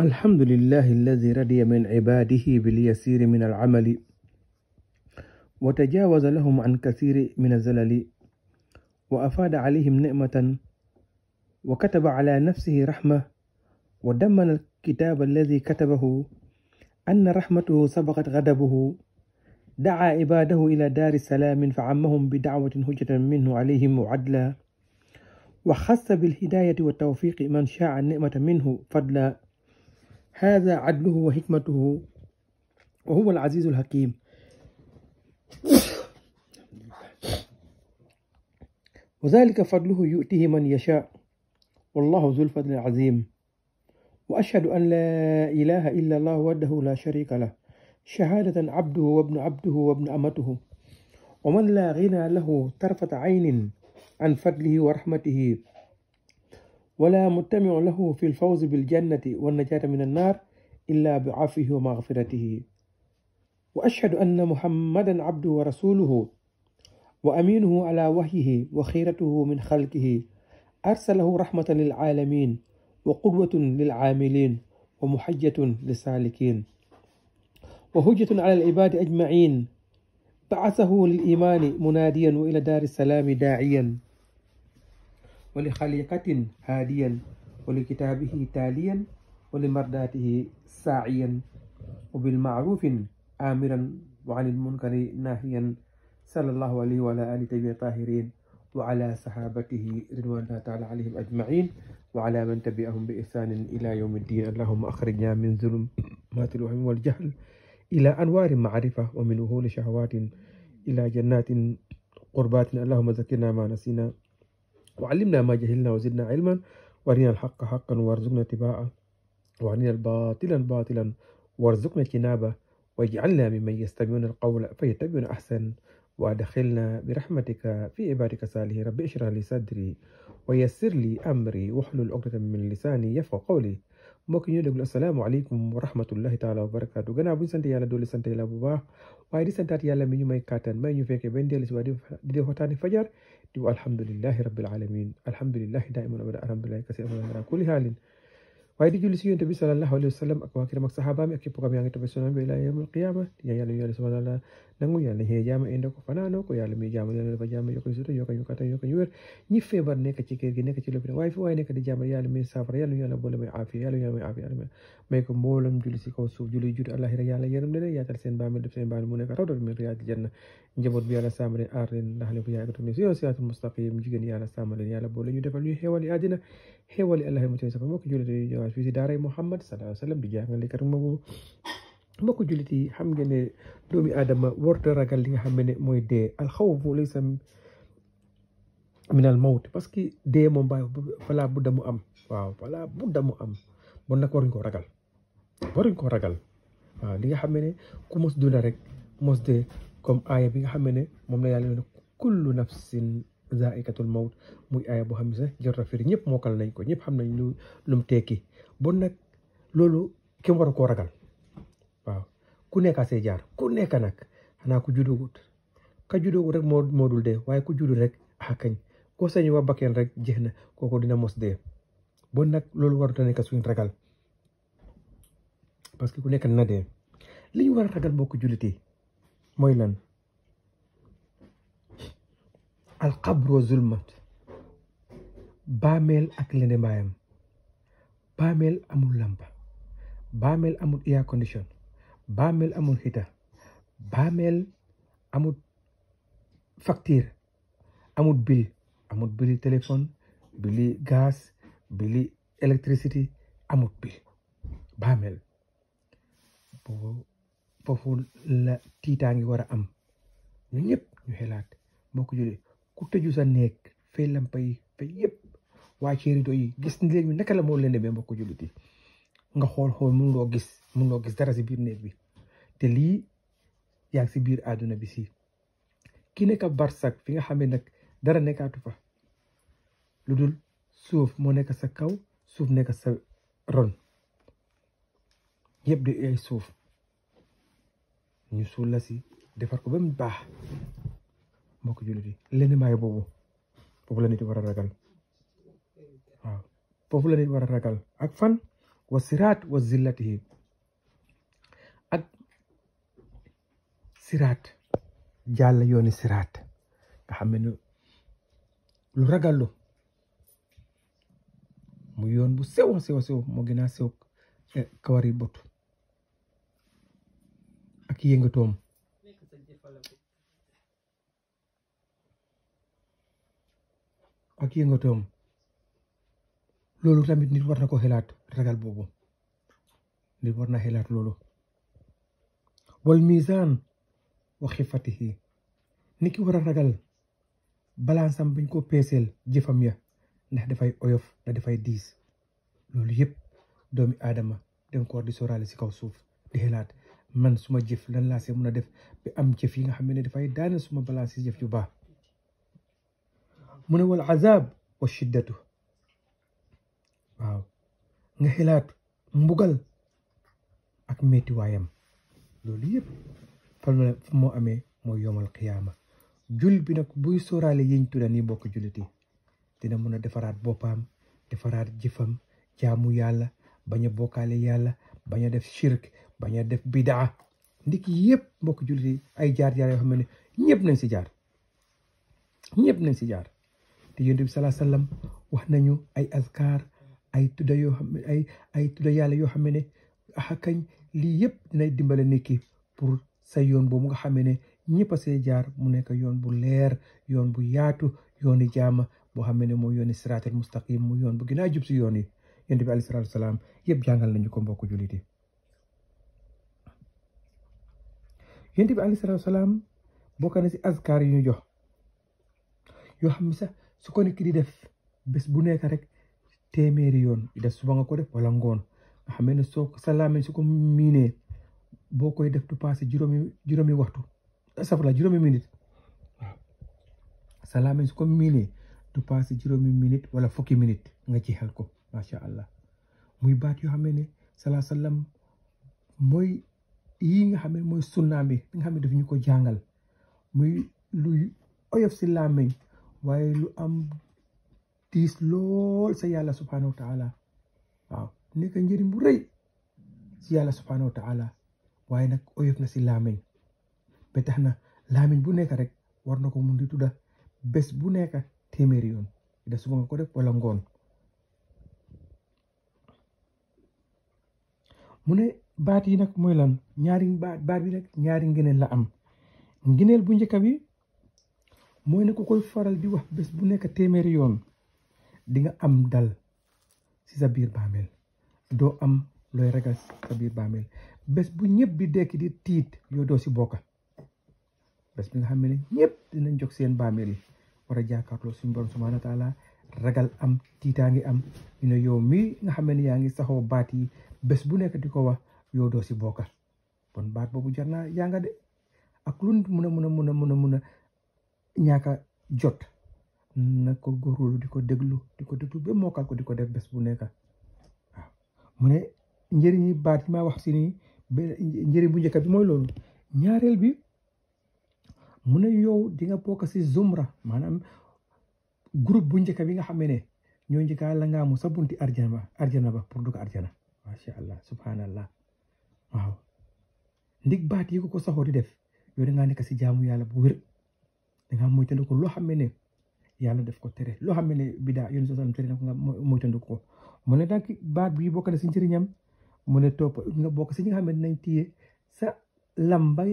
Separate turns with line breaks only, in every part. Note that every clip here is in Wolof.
الحمد لله الذي رضي من عباده باليسير من العمل وتجاوز لهم عن كثير من الزلل وأفاد عليهم نعمة وكتب على نفسه رحمة ودمن الكتاب الذي كتبه أن رحمته سبقت غضبه دعا عباده إلى دار سلام فعمهم بدعوة حجة منه عليهم وعدلا وخص بالهداية والتوفيق من شاء النعمة منه فضلا هذا عدله وحكمته وهو العزيز الحكيم وذلك فضله يؤتيه من يشاء والله ذو الفضل العظيم وأشهد أن لا إله إلا الله وحده لا شريك له شهادة عبده وابن عبده وابن أمته ومن لا غنى له طرفة عين عن فضله ورحمته ولا متمع له في الفوز بالجنة والنجاة من النار إلا بعفوه ومغفرته وأشهد أن محمدا عبده ورسوله وأمينه على وحيه وخيرته من خلقه أرسله رحمة للعالمين وقدوة للعاملين ومحجة للسالكين وهجة على العباد أجمعين بعثه للإيمان مناديا وإلى دار السلام داعيا ولخليقة هاديا ولكتابه تاليا ولمرداته ساعيا وبالمعروف آمرا وعن المنكر ناهيا صلى الله عليه وعلى آله طيبين طاهرين وعلى صحابته رضوان الله تعالى عليهم أجمعين وعلى من تبعهم بإحسان إلى يوم الدين اللهم أخرجنا من ظلمات الوهم والجهل إلى أنوار معرفة ومن أهول شهوات إلى جنات قربات اللهم ذكرنا ما نسينا وعلمنا ما جهلنا وزدنا علما وارنا الحق حقا وارزقنا اتباعه وارنا الباطلا باطلا وارزقنا اجتنابه واجعلنا ممن يستمعون القول فيتبعون احسن وادخلنا برحمتك في عبادك الصالحين رب اشرح لي صدري ويسر لي امري واحلل عقدة من لساني يفقه قولي mbok ñu déglu assalamu alaykum wa rahmatullahi taala wa barakatuh gëna bu sante yàlla doole sante yàlla bu baax way di santaat yàlla mi ñu may katan may ñu fekke ben delu ci wa di def waxtaani fajar di wa alhamdulillahi rabbil alamin alhamdulillahi daiman wa rabbil alhamdulilahi kasi ala kulli halin waaye di julli si yonent bi sallallahu alayhi er. wa sallam ak waa kiram ak saxaabaam ak képp ko am yaa ngi topp sunna bi ilaa yawmil qiyaama di ñaan yàlla ñu yàlla subhanahu wa taala nangu yàlla xëy jaama inde ko fanaanoo ko yàlla muy jaama yàlla dafa jaama yokk ñu sutura yokk ñu kattan yokk ñu wér ñi feebar nekk ci kër gi nekk ci lopitaan waaye fi waaye nekk di jaama yàlla muy saafara yàlla ñu yàlla boole may aafiya yàlla ñu yàlla may aafiya yàlla may ko mboolam julli si kaw suuf julli judd àllaaxira yàlla yërëm leen yaatal seen baamel def seen baamel mu nekk rawdat min riyaadil janna njaboot bi yàlla sàmm leen aar leen ndax leen ko yàgg tamit si yoon siraatul mustaqim jigéen yàlla sàmm leen yàlla boole ñu defal ñu xéewal yi àddina xéewali allah mu ci safa mbokk jullit yi xam ngeen ne doomi aadama warta ragal li nga xam ne mooy dee alxawfu laysa min al mawt parce que dee moom bàyyi falaa budda mu am waaw falaa budda mu am bon nag waruñ koo ragal waruñ koo ragal waaw li nga xam ne ku mos dunda rek mos dee comme aaya bi nga xam ne moom la yàlla kullu nafsin zaa'ikatul mawt muy aaya boo xam ne sax jot a firi ñëpp mokkal nañ ko ñëpp xam nañ lu lum tekki bon nag loolu kenn waru koo ragal waaw ku nekk see jaar ku nekk nag xanaa ku judduwut ka judduwut rek waaye ku juddu rek ah kañ koo sañu wa bakkeen rek jeex na kooku dina mos de bon nag loolu warut a nekk suñ ragal parce que ku nekk na dee li war a ragal boo ko julliti mooy lan. alxabru wa zulmat baameel ak lende mbaayam baameel amul làmpa baameel amul air condition baameel amul xita baameel amul facture amul bil amul bili téléphone bili gaz bili électricité amul bil baameel boobu tiitaangi war a am ñu ñëpp ñu xelaat ku tëju sa néeg fay lampay fay yëpp waa ci rido yi gis ni léegi naka la moo leen demee mbokk jullit yi nga xool xool mun loo gis mun loo gis dara si biir néeg bi te lii yaa ngi si biir àdduna bi si ki nekk barsak fi nga xam ne nag dara nekkaatu fa lu dul suuf moo nekk sa kaw suuf nekk sa ron yépp di ay suuf ñu suul la si defar ko ba mu baax mbokk jullit yi lenn maay boobu foofu la nit war a ragal waaw foofu la nit war a ragal ak fan wa siraat wa zillatihi ak siraat jàll yooni siraat nga xam ne lu ragallu mu yoon bu sew sew sew moo gën a sew eh, kawari bot ak yëngatoom ak yëngatoom loolu tamit nit war na ko xelaat ragal boobu nit war na xelaat loolu wal misaan wa xifatihi ni ki war a ragal balansam bañ ko peeseel jëfam ya ndax dafay oyof ndax dafay diis loolu yëpp doomi aadama dem ko war di soraale si kaw suuf di xelaat man suma jëf lan laa see mun a def bi am jëf yi nga xam ne dafay daane suma balance si jëf yu baax mu ne wal azab wa shiddatu waaw nga xilaat mbugal ak metti wayam lolou yeb fa mo amé mo yomal qiyamah jul bi nak buy sóoraale yiñ tuna ni bokk juliti dina mëna a defaraat boppam defaraat jëfam jaamu yalla baña a yalla baña def shirk baña def bidaa ndik yep, mbokk juliti ay jaar jaar yo xamné ne nañ si jaar ñepp nañ si jaar te yonent bi salaa sallam wax nañu ay azkar ay tudda yoo xam ay ay yàlla yoo xam ne xakañ ah lii yëpp dinay dimbale nit ki pour sa yoon boobu nga xam ne ñëpp a jaar mu nekk yoon bu leer yoon bu yaatu yooni jaama boo xam ne moo yooni siraatal mustaqim mu yoon bu ginaa a jub si yoon yi yonent bi alayhi salaatu salaam yëpp jàngal nañu ko mbokku jullit yi yonent bi na si azkar yu ñu jox yoo xam su ko nekk di def bés bu nekk rek téeméeri yoon def suba a ko def walla ngoon nga xam ne soo sa làmmiñ su ko miinee boo koy def du passé juróomi juróomi waxtu safla juróomi minute waaw sa làmmiñ su ko miinee du wala fukki minute nga ci xel ko macha allah muy baat yoo xam ne salaa sallam mooy yii nga xam ne mooy sunnaam bi nga xam ne daf ñu ko jàngal muy luy oyof si làmmiñ waaye lu am tiis lool sa yàlla subhanahu wa taala waaw nekk njëriñ bu rëy si yàlla subhanahu wa waaye nag oyof na si laameñ ba tax na laameñ bu nekk rek war na ko mun di tudda bés bu nekk téeméeri yoon da suba nga ko def wala ngoon mu ne baat yi nag moy lan ñaari baat bi nag ñaari ngëneel la am ngëneel bu njëkk bi moy ne ko koy faral di wax bes bu nek téméré yoon di nga am dal ci sa bir bàmmeel do am loy ragal sa bir bàmmeel bes bu ñepp di tit, di tiit yo do ci bokka bes bi nga xamé ni ñepp dinañ jox seen wara jaakarlo suñu borom subhanahu wa taala ragal am titangi am ñu ne yow mi nga xamé ni yaangi saxo baat yi bu nek di wax yo do ci bokka bon baat bobu jarna ya nga de ak lu ñaaka jot na ko góorgóorlu di ko déglu di ko déglu ba mokkal ko di ko def bés bu nekk waaw mu ne baat ma wax si nii ba bu njëkk bi mooy loolu ñaareel bi mu ne yow di nga bokk si zumra maanaam groupe bu njëkk bi nga xam ne ñoo njëkk a la ngaamu sa bunti arjana ba arjana ba pour dugg arjana macha allah subhanallah waaw ndig baat yi ko ko saxoo di def yow da ngaa si jaamu yàlla bu wér. da ngaa moytandiku loo xam ne yàlla def ko tere loo xam ne bidaa yonent sallam tere na ko moytandiku ko mu ne donc baat bii bokk na si njëriñam mu ne topp nga bokk si nga xam ne dinañ téye sa lam bay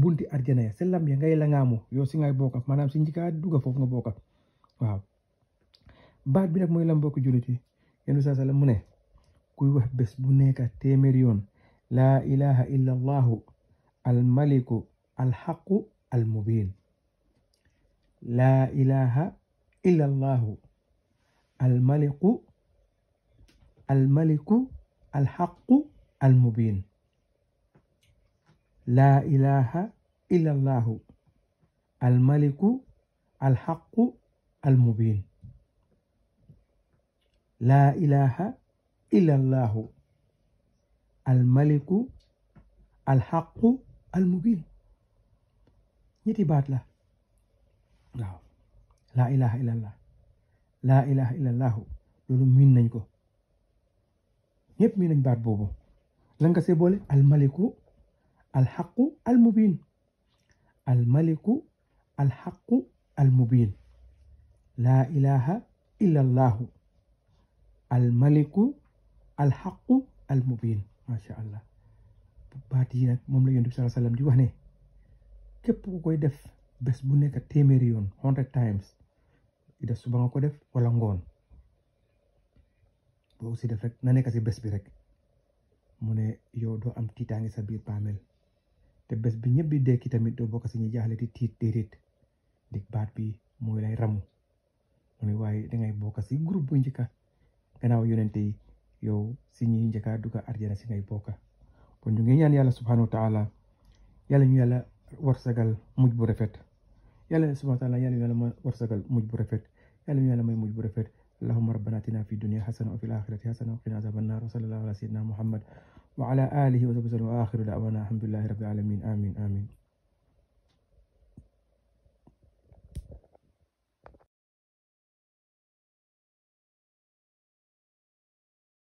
bunti arjana sa lam ya ngay langaamu yow si ngay bokk maanaam si njëkkaa dugg foofu nga bokk waaw baat bi nag mooy lam bokk jullit yi yonent sallam mu ne kuy wax bés bu nekk téeméer yoon laa ilaha illa allahu almaliku alxaqu almubin لا إله إلا الله الملك الملك الحق المبين لا إله إلا الله الملك الحق المبين لا إله إلا الله الملك الحق المبين ñetti له Nah. La ilaha illallah la ilaha illallahu lolu min nañ ko ñëpp min nañ baat bobu lan nga al-mubin. Al-maliku, al-haqu, al-mubin. La ilaha illallahu al alxaqu almubin macha allah baat yi nag moom la yëndu sallallahu alayhi Wasallam di wax ne kep ku koy def bes bu nek téeméeri yon hundred times ida suba nga ko def wala ngoon boo si def rek na nek si bes bi rek mune yo do am tiitaangi sa bir pamel te bes bi ñëpp di dekk tamit do bokk ci ñi jaaxle di tiit déedéet baat bi moy lay ramu mune way da ngay bokk si groupe bu njëkka gannaaw yonenté yi yow ci ñi njëkka duga arjana ci ngay bokka kon ñu ngi ñaan yalla subhanahu wa taala yalla ñu yàlla warsagal mujj bu yàlla subhaanahu wa taala yàlla yàlla ma warsagal mujj bu rafet yàlla yàlla may mujj bu rafet allahumma rabbana atina fi dunya hasana wa fil akhirati hasana wa qina azaban nar wa sallallahu ala sayyidina muhammad wa ala alihi wa sahbihi wa akhiru da'wana alhamdulillahi rabbil alamin amin amin